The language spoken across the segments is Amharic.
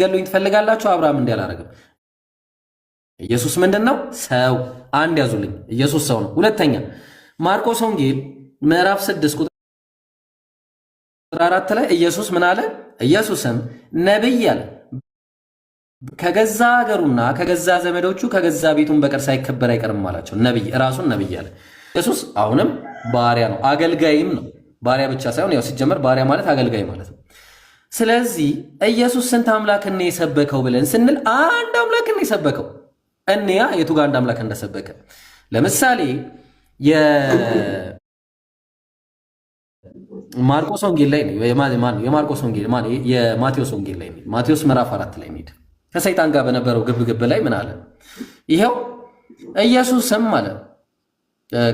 ገሉኝ ትፈልጋላችሁ? አብርሃም እንዲህ አላረግም። ኢየሱስ ምንድን ነው? ሰው። አንድ ያዙልኝ፣ ኢየሱስ ሰው ነው። ሁለተኛ ማርቆስ ወንጌል ምዕራፍ 6 ቁጥር 4 ላይ ኢየሱስ ምን አለ? ኢየሱስም ነቢይ አለ ከገዛ ሀገሩና ከገዛ ዘመዶቹ ከገዛ ቤቱን በቀር ሳይከበር አይቀርም አላቸው። ነቢይ ራሱን ነቢይ አለ። ኢየሱስ አሁንም ባሪያ ነው፣ አገልጋይም ነው። ባሪያ ብቻ ሳይሆን ያው ሲጀመር ባሪያ ማለት አገልጋይ ማለት ነው። ስለዚህ ኢየሱስ ስንት አምላክ ነው የሰበከው ብለን ስንል አንድ አምላክ ነው የሰበከው። እንያ የቱ ጋር አንድ አምላክ እንደሰበከ ለምሳሌ የማርቆስ ወንጌል ላይ የማርቆስ ወንጌል የማቴዎስ ወንጌል ላይ ማቴዎስ ምዕራፍ አራት ላይ ሚሄድ ከሰይጣን ጋር በነበረው ግብግብ ላይ ምን አለ? ይኸው ኢየሱስም አለ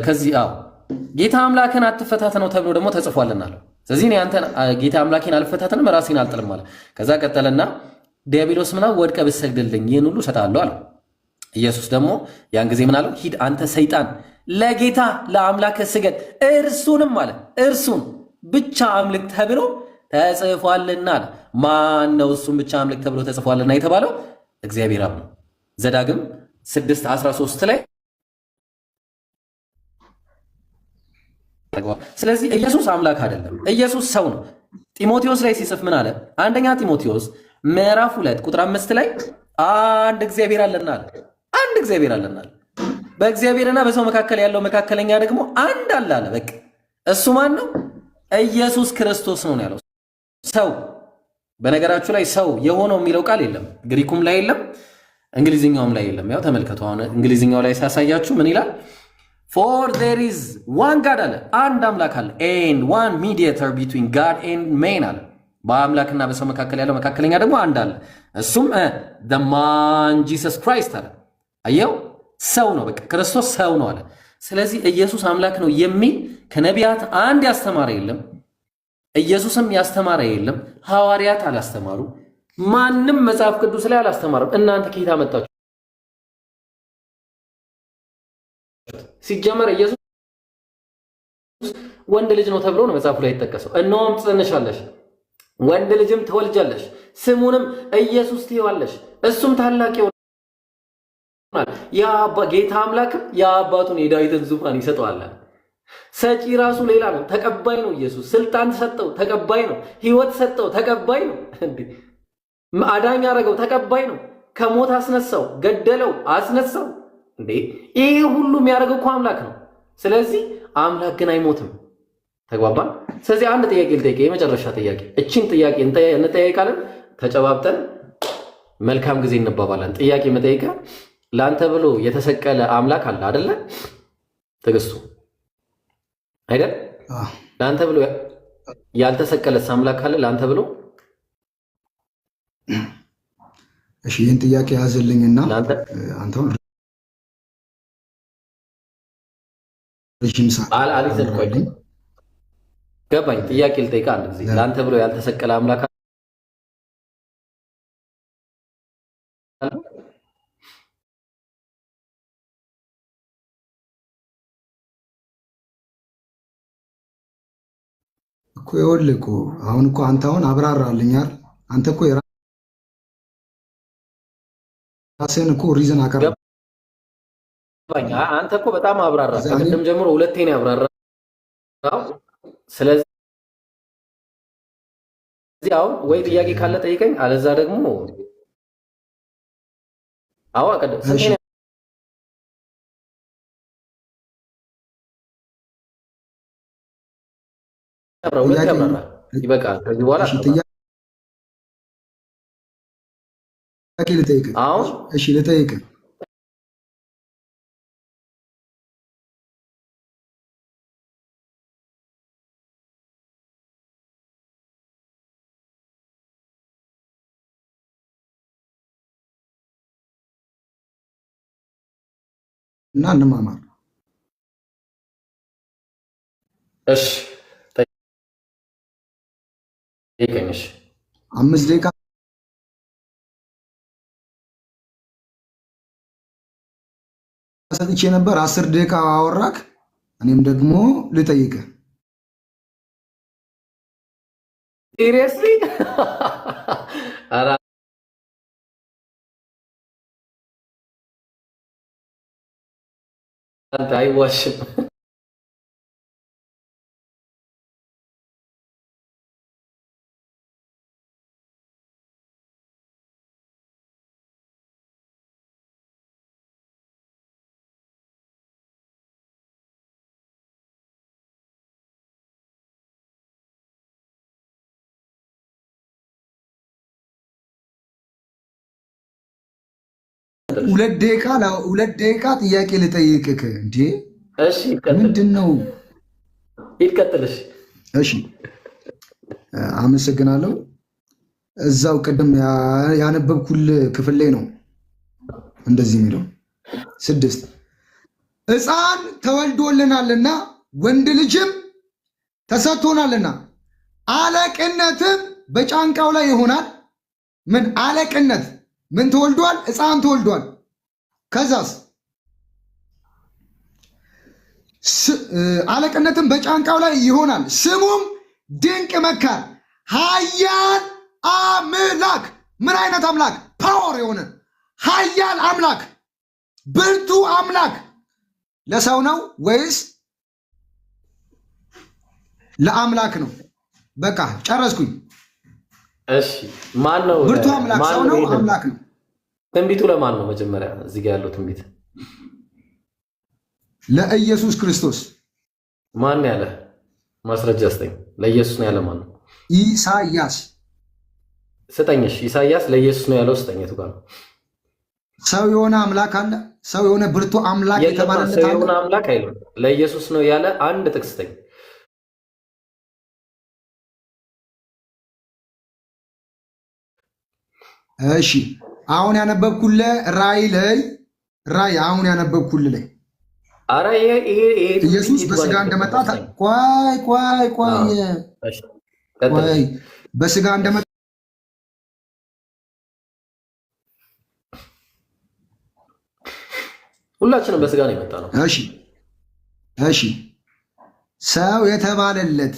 ከዚህ አዎ ጌታ አምላክን አትፈታተነው ተብሎ ደግሞ ተጽፏልን አለው ስለዚህ እኔ አንተን ጌታ አምላኬን አልፈታተንም ራሴን አልጥልም አለ። ከዛ ቀጠለና ዲያብሎስ ምናምን ወድቀ ብትሰግድልኝ ይህን ሁሉ እሰጥሃለሁ አለው። ኢየሱስ ደግሞ ያን ጊዜ ምን አለው? ሂድ አንተ ሰይጣን ለጌታ ለአምላክ ስገድ እርሱንም አለ እርሱን ብቻ አምልክ ተብሎ ተጽፏልና አለ። ማን ነው እሱን ብቻ አምልክ ተብሎ ተጽፏልና የተባለው? እግዚአብሔር አብ ነው። ዘዳግም 6 13 ላይ ስለዚህ ኢየሱስ አምላክ አይደለም፣ ኢየሱስ ሰው ነው። ጢሞቴዎስ ላይ ሲጽፍ ምን አለ? አንደኛ ጢሞቴዎስ ምዕራፍ ሁለት ቁጥር አምስት ላይ አንድ እግዚአብሔር አለና አለ። አንድ እግዚአብሔር አለና አለ። በእግዚአብሔርና በሰው መካከል ያለው መካከለኛ ደግሞ አንድ አለ አለ። በቃ እሱ ማን ነው? ኢየሱስ ክርስቶስ ነው ያለው ሰው። በነገራችሁ ላይ ሰው የሆነው የሚለው ቃል የለም፣ ግሪኩም ላይ የለም፣ እንግሊዝኛውም ላይ የለም። ያው ተመልከቱ፣ አሁን እንግሊዝኛው ላይ ሲያሳያችሁ ምን ይላል? ፎር ዜር ኢዝ ዋን ጋድ አለ፣ አንድ አምላክ አለ። ኤንድ ዋን ሚዲየተር ቢትዊን ጋድ ኤንድ ሜን አለ፣ በአምላክና በሰው መካከል ያለው መካከለኛ ደግሞ አንድ አለ፣ እሱም ማን ጂሰስ ክራይስት አለ። አየው ሰው ነው፣ በቃ ክርስቶስ ሰው ነው አለ። ስለዚህ ኢየሱስ አምላክ ነው የሚል ከነቢያት አንድ ያስተማረ የለም። ኢየሱስም ያስተማረ የለም። ሐዋርያት አላስተማሩ። ማንም መጽሐፍ ቅዱስ ላይ አላስተማርም እናንተ ከየት አመጣችሁ? ሲጀመር ኢየሱስ ወንድ ልጅ ነው ተብሎ ነው መጽሐፉ ላይ የተጠቀሰው። እነሆም ትጸንሻለሽ ወንድ ልጅም ትወልጃለሽ፣ ስሙንም ኢየሱስ ትይዋለሽ። እሱም ታላቅ ይሆናል፣ ጌታ አምላክም የአባቱን የዳዊትን ዙፋን ይሰጠዋል። ሰጪ ራሱ ሌላ ነው፣ ተቀባይ ነው። ኢየሱስ ስልጣን ሰጠው፣ ተቀባይ ነው። ህይወት ሰጠው፣ ተቀባይ ነው። አዳኝ ያደረገው ተቀባይ ነው። ከሞት አስነሳው፣ ገደለው፣ አስነሳው። እንዴ ይሄ ሁሉ የሚያደርገው እኮ አምላክ ነው። ስለዚህ አምላክ ግን አይሞትም። ተግባባን። ስለዚህ አንድ ጥያቄ ልጠይቅ፣ የመጨረሻ ጥያቄ። እችን ጥያቄ እንጠያየቃለን፣ ተጨባብጠን መልካም ጊዜ እንባባለን። ጥያቄ መጠይቀ ለአንተ ብሎ የተሰቀለ አምላክ አለ አደለ? ትግስቱ አይደል? ለአንተ ብሎ ያልተሰቀለስ አምላክ አለ ለአንተ ብሎ? እሺ ይህን ጥያቄ ያዝልኝና አንተውን ገባኝ። ጥያቄ ልጠይቅህ አለ ጊዜ ለአንተ ብሎ ያልተሰቀለ አምላክ እኮ ይኸውልህ እኮ አሁን እኮ አንተ አሁን አብራራልኛል። አንተ እኮ የራስህን እኮ ሪዝን አቀረብ አንተ እኮ በጣም አብራራ። ከቅድም ጀምሮ ሁለቴን ያብራራ። ስለዚህ አሁን ወይ ጥያቄ ካለ ጠይቀኝ፣ አለዛ ደግሞ አዎ፣ ቀደም ያብራራ። ይበቃል። ከዚህ በኋላ አሁን እሺ ልጠይቅህ እና እንማማር። እሺ ጠይቀኝሽ። አምስት ደቂቃ ሰጥቼ ነበር። አስር ደቂቃ አወራክ። እኔም ደግሞ ልጠይቅ። ሲሪየስሊ 哎，我去。ሁለት ደቂቃ ሁለት ደቂቃ ጥያቄ ልጠይቅክ እንዴ? እሺ፣ ምንድን ነው? ይቀጥልሽ። እሺ፣ አመሰግናለሁ። እዛው ቅድም ያነበብኩል ክፍል ላይ ነው እንደዚህ የሚለው ስድስት ሕፃን ተወልዶልናልና ወንድ ልጅም ተሰጥቶናልና አለቅነትም በጫንቃው ላይ ይሆናል። ምን አለቅነት ምን ተወልዷል? ሕፃን ተወልዷል። ከዛስ አለቅነትም በጫንቃው ላይ ይሆናል። ስሙም ድንቅ መካር፣ ኃያል አምላክ። ምን አይነት አምላክ? ፓወር የሆነ ኃያል አምላክ፣ ብርቱ አምላክ። ለሰው ነው ወይስ ለአምላክ ነው? በቃ ጨረስኩኝ። እሺ ማን ነው ብርቱ አምላክ? ሰው ነው አምላክ ነው? ትንቢቱ ለማን ነው? መጀመሪያ እዚህ ጋር ያለው ትንቢት ለኢየሱስ ክርስቶስ። ማን ያለ ማስረጃ ስጠኝ። ለኢየሱስ ነው ያለ ማን ነው? ኢሳያስ ስጠኝሽ። ኢሳያስ ለኢየሱስ ነው ያለው ስጠኝ። የቱ ጋር ነው? ሰው የሆነ አምላክ አለ? ሰው የሆነ ብርቱ አምላክ የተባለለት አምላክ አይደለም። ለኢየሱስ ነው ያለ አንድ ጥቅስ ስጠኝ። እሺ አሁን ያነበብኩለ ራይ ላይ ራይ አሁን ያነበብኩል ላይ ኢየሱስ በስጋ እንደመጣ ቆይ ቆይ ቆይ በስጋ እንደመጣ ሁላችንም በስጋ ነው የመጣ ነው። እሺ እሺ ሰው የተባለለት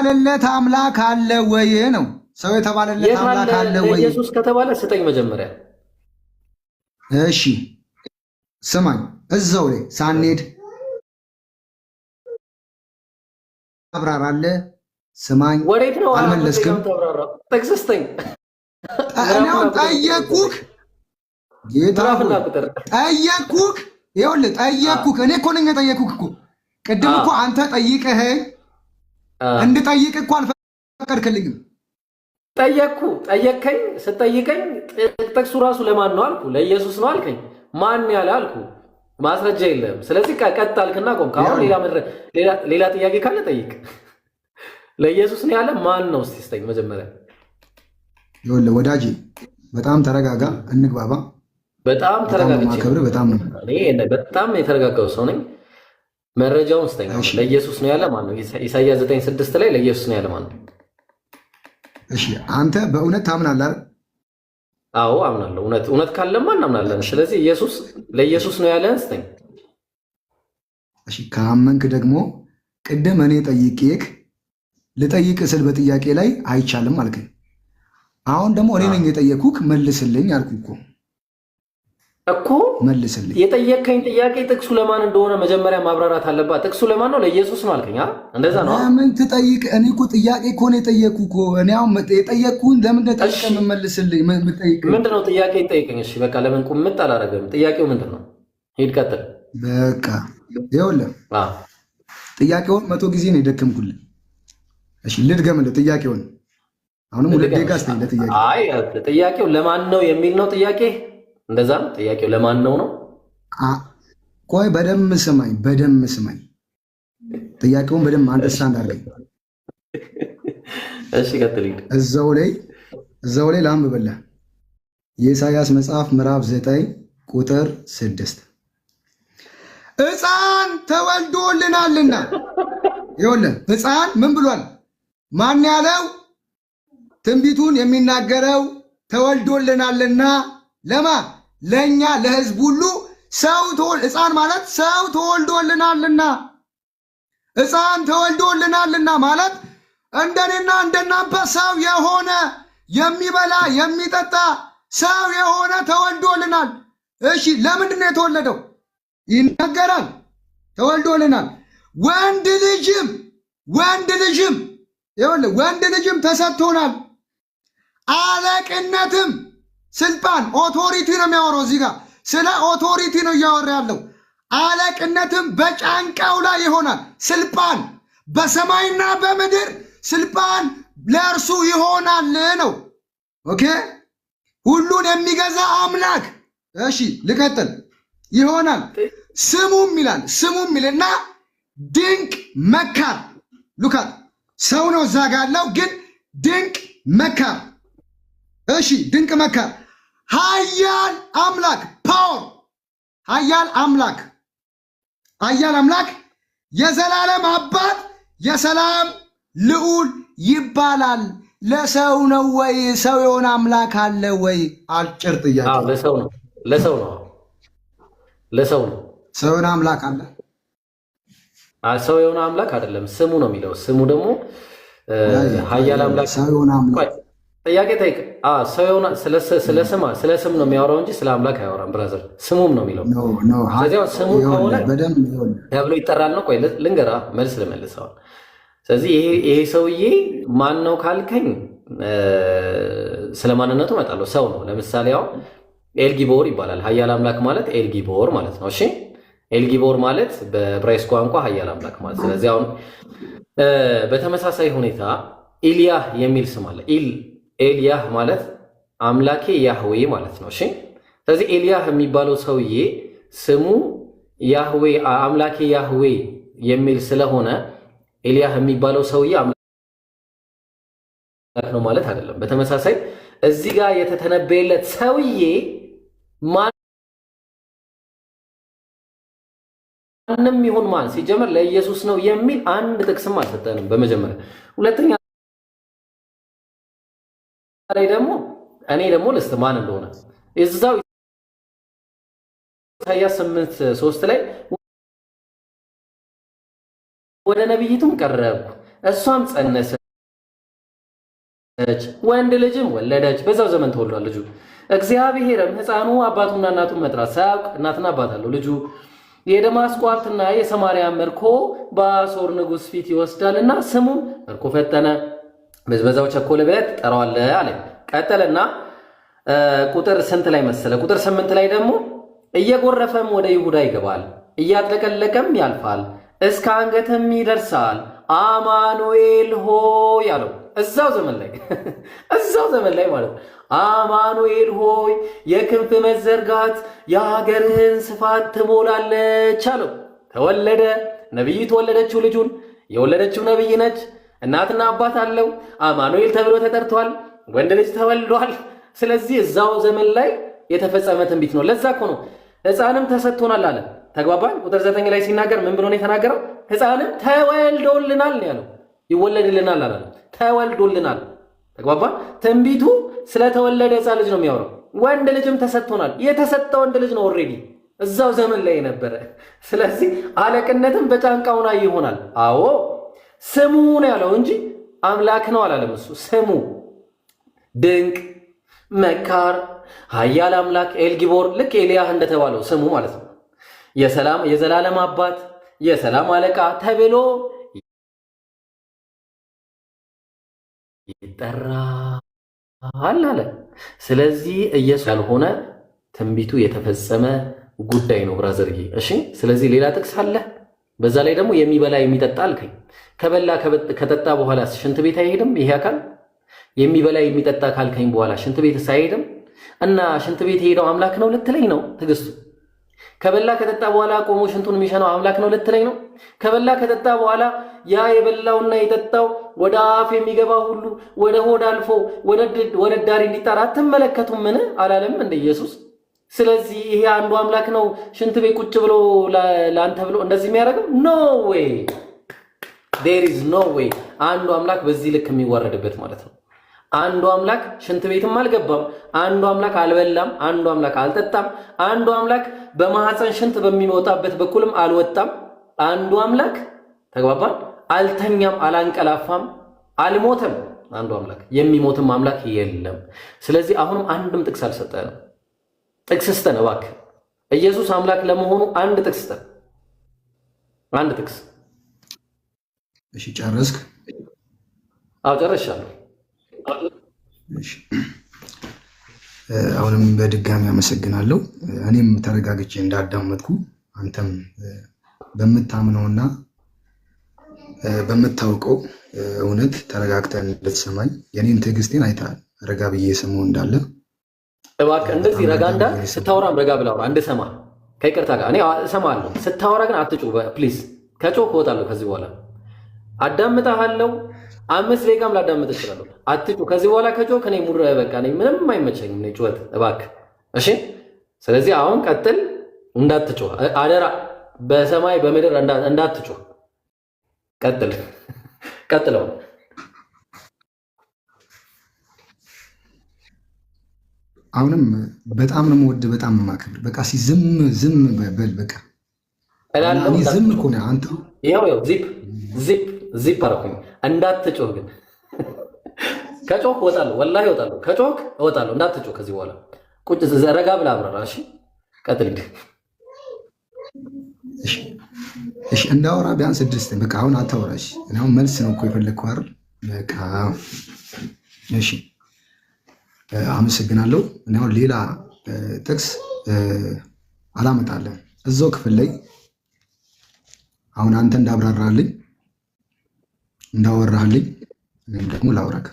የተባለለት አምላክ አለ ወይ ነው። ሰው የተባለለት አምላክ አለ ወይ? ኢየሱስ ከተባለ ስጠኝ መጀመሪያ። እሺ ስማኝ፣ እዛው ላይ ሳንሄድ አብራራለ። ስማኝ፣ ወዴት ነው አልመለስክም። ጥቅስ ስጠኝ። ጠየኩህ ጌታ ጠየኩህ፣ ይኸውልህ ጠየኩህ። እኔ እኮ ነኝ የጠየኩህ እኮ። ቅድም እኮ አንተ ጠይቀኸኝ እንድጠይቅ እኮ አልፈቀድክልኝም። ጠየቅኩ ጠየቅከኝ። ስጠይቀኝ ጥቅሱ ራሱ ለማን ነው አልኩ። ለኢየሱስ ነው አልከኝ። ማን ያለ አልኩ። ማስረጃ የለም። ስለዚህ ቀጥ አልክና ቆም። ከአሁን ሌላ ጥያቄ ካለ ጠይቅ። ለኢየሱስ ነው ያለ ማን ነው? እስኪ መጀመሪያ። ይኸውልህ ወዳጄ በጣም ተረጋጋ፣ እንግባባ። በጣም ተረጋግቼ በጣም የተረጋጋው ሰው ነኝ። መረጃውን ስጠኝ። ለኢየሱስ ነው ያለ ማን ነው? ዘጠኝ ስድስት ላይ ለኢየሱስ ነው ያለ ማን ነው? እሺ አንተ በእውነት ታምናለህ? አዎ አምናለሁ። እውነት እውነት ካለማ እናምናለን። ስለዚህ ኢየሱስ ለኢየሱስ ነው ያለህን ስጠኝ። እሺ ካመንክ ደግሞ ቅድም እኔ ጠይቄክ ልጠይቅ ስል በጥያቄ ላይ አይቻልም አልከኝ። አሁን ደግሞ እኔ ነኝ የጠየኩክ መልስልኝ አልኩ እኮ እኮ መልስልኝ። የጠየቀኝ ጥያቄ ጥቅሱ ለማን እንደሆነ መጀመሪያ ማብራራት አለባት። ጥቅሱ ለማን ነው? ለኢየሱስ ነው አልከኝ። እንደዛ ነው። ምን ትጠይቅ? እኔ እኮ ጥያቄ እኮ ነው የጠየቅኩ እኮ። እኔ አሁን የጠየቅኩህን ለምን ጠይቀ የምመልስልኝ ምንድን ነው? ጥያቄ ይጠይቀኝ። እሺ በቃ ለምን ቁምጥ አላረገም? ጥያቄው ምንድን ነው? ሂድ ቀጥል። በቃ ይኸውልህ፣ ጥያቄውን መቶ ጊዜ ነው የደከምኩልህ። እሺ ልድገምልህ ጥያቄውን። አሁንም ሁለት ደቂቃ ስ ጥያቄው ለማን ነው የሚል ነው ጥያቄ እንደዛ ነው ጥያቄው። ለማን ነው ነው? ቆይ በደንብ ስማኝ፣ በደንብ ስማኝ። ጥያቄውን በደንብ አንደርስታንድ አድርገኝ። እሺ ቀጥል። እዛው ላይ እዛው ላይ ላንብብልህ የኢሳያስ መጽሐፍ ምዕራፍ ዘጠኝ ቁጥር ስድስት ሕፃን ተወልዶልናልና ይኸውልህ ሕፃን ምን ብሏል? ማን ያለው ትንቢቱን የሚናገረው ተወልዶልናልና ለማ ለእኛ ለህዝብ ሁሉ ሰው ህፃን ማለት ሰው ተወልዶልናልና ሕፃን ተወልዶልናልና ማለት እንደኔና እንደናንተ ሰው የሆነ የሚበላ የሚጠጣ ሰው የሆነ ተወልዶልናል። እሺ ለምንድን ነው የተወለደው? ይነገራል። ተወልዶልናል። ወንድ ልጅም ወንድ ልጅም ወንድ ልጅም ተሰጥቶናል አለቅነትም ስልጣን ኦቶሪቲ ነው የሚያወራው። እዚህ ጋር ስለ ኦቶሪቲ ነው እያወራ ያለው። አለቅነትም በጫንቃው ላይ ይሆናል። ስልጣን በሰማይና በምድር ስልጣን ለእርሱ ይሆናል ነው። ኦኬ ሁሉን የሚገዛ አምላክ። እሺ ልቀጥል። ይሆናል ስሙም ይላል ስሙም ይልና ድንቅ መካር ሉካት ሰው ነው እዛ ጋ ያለው ግን ድንቅ መካር እሺ ድንቅ መካር ሀያል አምላክ ፓወር ሀያል አምላክ ሀያል አምላክ የዘላለም አባት የሰላም ልዑል ይባላል። ለሰው ነው ወይ? ሰው የሆነ አምላክ አለ ወይ? አጭር ጥያቄ። ለሰው ነው ለሰው ነው ለሰው ነው። ሰው የሆነ አምላክ አለ? ሰው የሆነ አምላክ አይደለም። ስሙ ነው የሚለው። ስሙ ደግሞ አምላክ ጥያቄ ጠይቅ። ሰው የሆነ ስለ ስም ስለ ስም ነው የሚያወራው እንጂ ስለ አምላክ አያወራም። ብራዘር ስሙም ነው የሚለው። ስለዚህ ስሙ ከሆነ ተብሎ ይጠራል ነው። ቆይ ልንገራ፣ መልስ ልመልሰዋል። ስለዚህ ይሄ ሰውዬ ማን ነው ካልከኝ ስለ ማንነቱ እመጣለሁ። ሰው ነው። ለምሳሌ ያው ኤልጊቦር ይባላል። ሀያል አምላክ ማለት ኤልጊቦር ማለት ነው። እሺ ኤልጊቦር ማለት በብራይስ ቋንቋ ሀያል አምላክ ማለት። ስለዚህ አሁን በተመሳሳይ ሁኔታ ኢልያህ የሚል ስም አለ። ኢል ኤልያህ ማለት አምላኬ ያህዌ ማለት ነው። እሺ ስለዚህ ኤልያህ የሚባለው ሰውዬ ስሙ ያህዌ አምላኬ ያህዌ የሚል ስለሆነ ኤልያህ የሚባለው ሰውዬ አምላክ ነው ማለት አይደለም። በተመሳሳይ እዚህ ጋር የተተነበየለት ሰውዬ ማንም ይሁን ማን ሲጀመር ለኢየሱስ ነው የሚል አንድ ጥቅስም አልሰጠንም። በመጀመሪያ ሁለተኛ ላይ ደግሞ እኔ ደግሞ ልስት ማን እንደሆነ እዛው ኢሳያስ ስምንት ሶስት ላይ ወደ ነቢይቱም ቀረብኩ እሷም ጸነሰች ወንድ ልጅም ወለደች። በዛው ዘመን ተወልዷል ልጁ። እግዚአብሔርም ሕፃኑ አባቱና እናቱን መጥራት ሳያውቅ እናትና አባት አለው ልጁ የደማስቆ ሀብትና የሰማርያ ምርኮ በአሦር ንጉሥ ፊት ይወስዳልና ስሙም ምርኮ ፈጠነ። በዝበዛው ቸኮል ብለህ ትጠራዋለህ አለ። ቀጠለና ቁጥር ስንት ላይ መሰለ? ቁጥር ስምንት ላይ ደግሞ እየጎረፈም ወደ ይሁዳ ይገባል፣ እያጥለቀለቀም ያልፋል፣ እስከ አንገትም ይደርሳል። አማኑኤል ሆይ አለው። እዛው ዘመን ላይ እዛው ዘመን ላይ ማለት ነው። አማኑኤል ሆይ የክንፍ መዘርጋት የሀገርህን ስፋት ትሞላለች አለው። ተወለደ፣ ነቢይ ተወለደችው፣ ልጁን የወለደችው ነቢይ ነች። እናትና አባት አለው። አማኑኤል ተብሎ ተጠርቷል። ወንድ ልጅ ተወልዷል። ስለዚህ እዛው ዘመን ላይ የተፈጸመ ትንቢት ነው። ለዛ እኮ ነው ሕፃንም ተሰጥቶናል አለ። ተግባባን። ቁጥር ዘጠኝ ላይ ሲናገር ምን ብሎ ነው የተናገረው? ሕፃንም ተወልዶልናል ነው ያለው። ይወለድልናል አላለ፣ ተወልዶልናል። ተግባባን። ትንቢቱ ስለተወለደ ሕፃን ልጅ ነው የሚያወራው። ወንድ ልጅም ተሰጥቶናል። የተሰጠ ወንድ ልጅ ነው ኦልሬዲ እዛው ዘመን ላይ የነበረ። ስለዚህ አለቅነትም በጫንቃውና ይሆናል። አዎ ስሙ ነው ያለው እንጂ አምላክ ነው አላለም። እሱ ስሙ ድንቅ መካር ኃያል አምላክ ኤልጊቦር ልክ ኤልያህ እንደተባለው ስሙ ማለት ነው። የሰላም የዘላለም አባት የሰላም አለቃ ተብሎ ይጠራል አለ። ስለዚህ ኢየሱስ ያልሆነ ትንቢቱ የተፈጸመ ጉዳይ ነው ብራዘርዬ። እሺ፣ ስለዚህ ሌላ ጥቅስ አለ በዛ ላይ ደግሞ የሚበላ የሚጠጣ አልከኝ። ከበላ ከጠጣ በኋላ ሽንት ቤት አይሄድም ይሄ አካል? የሚበላ የሚጠጣ ካልከኝ በኋላ ሽንት ቤት አይሄድም? እና ሽንት ቤት የሄደው አምላክ ነው ልትለኝ ነው? ትግስቱ ከበላ ከጠጣ በኋላ ቆሞ ሽንቱን የሚሸነው አምላክ ነው ልትለኝ ነው? ከበላ ከጠጣ በኋላ ያ የበላውና የጠጣው ወደ አፍ የሚገባ ሁሉ ወደ ሆድ አልፎ ወደ ዳሪ እንዲጣራ አትመለከቱምን አላለም እንደ ኢየሱስ? ስለዚህ ይሄ አንዱ አምላክ ነው ሽንት ቤት ቁጭ ብሎ ለአንተ ብሎ እንደዚህ የሚያደርገው ኖ ዌይ ዴር ኢዝ ኖ ዌይ። አንዱ አምላክ በዚህ ልክ የሚዋረድበት ማለት ነው። አንዱ አምላክ ሽንት ቤትም አልገባም፣ አንዱ አምላክ አልበላም፣ አንዱ አምላክ አልጠጣም፣ አንዱ አምላክ በማህፀን ሽንት በሚወጣበት በኩልም አልወጣም፣ አንዱ አምላክ ተግባባን፣ አልተኛም፣ አላንቀላፋም፣ አልሞተም። አንዱ አምላክ የሚሞትም አምላክ የለም። ስለዚህ አሁንም አንድም ጥቅስ አልሰጠንም። ጥቅስ ስጠን እባክህ። ኢየሱስ አምላክ ለመሆኑ አንድ ጥቅስ ስጠን። አንድ ጥቅስ። እሺ ጨረስክ? አዎ ጨረሻለሁ። እሺ አሁንም በድጋሚ አመሰግናለሁ። እኔም ተረጋግቼ እንዳዳመጥኩ አንተም በምታምነውና በምታውቀው እውነት ተረጋግተን እንድትሰማኝ የኔን ትዕግስቴን አይተሃል። ረጋ ብዬ የሰማው እንዳለ እባክህ እንደዚህ ረጋ እንዳል ስታወራም ረጋ ብላ አውራ እንድሰማ ከይቅርታ ጋር እኔ እሰማለሁ። ስታወራ ግን አትጩ ፕሊዝ። ከጮህ እወጣለሁ ከዚህ በኋላ አዳምጣሃለሁ። አምስት ደቂቃም ላዳምጥ እችላለሁ። አትጩ ከዚህ በኋላ ከጮ ከኔ ሙድ በቃ ምንም አይመቸኝም ጩኸት እባክህ እሺ። ስለዚህ አሁን ቀጥል፣ እንዳትጩ አደራ። በሰማይ በምድር እንዳትጩ። ቀጥል፣ ቀጥለው አሁንም በጣም ነው የምወድ፣ በጣም ማክብር። በቃ ሲዝም ዝም በል በቃ ዝም እኮ ነህ አንተ። ይኸው ይኸው ዚፕ ዚፕ ዚፕ አደረኩኝ። እንዳትጮህ ግን ከጮህ እወጣለሁ፣ ወላሂ እወጣለሁ፣ ከጮህ እወጣለሁ። እንዳትጮህ ከዚህ በኋላ ቁጭ ዘረጋ ብለህ አብራራ። እሺ ቀጥል እሺ እሺ እንዳወራ ቢያንስ ስድስት በቃ አሁን አታወራሽ። አሁን መልስ ነው እኮ የፈለግከው አይደል? በቃ እሺ አመሰግናለሁ። እኔ አሁን ሌላ ጥቅስ አላመጣለን እዛው ክፍል ላይ አሁን አንተ እንዳብራራልኝ እንዳወራልኝ እኔም ደግሞ ላውራክ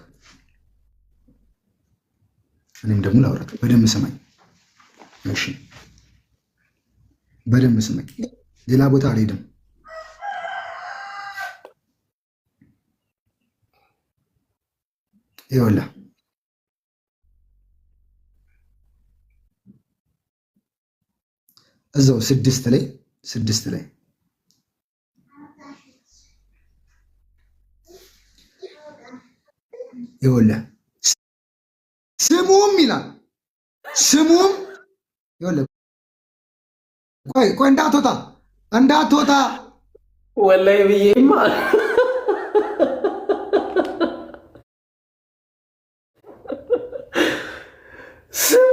እኔም ደግሞ ላውራክ። በደንብ ስማኝ እሺ፣ በደንብ ስማኝ። ሌላ ቦታ አልሄድም። ይኸውልህ እዛው ስድስት ላይ ስድስት ላይ ይወለ ስሙም ይላል ስሙም ይወለ ቆይ ቆይ እንዳትወጣ እንዳትወጣ ወላይ ብዬማ ስ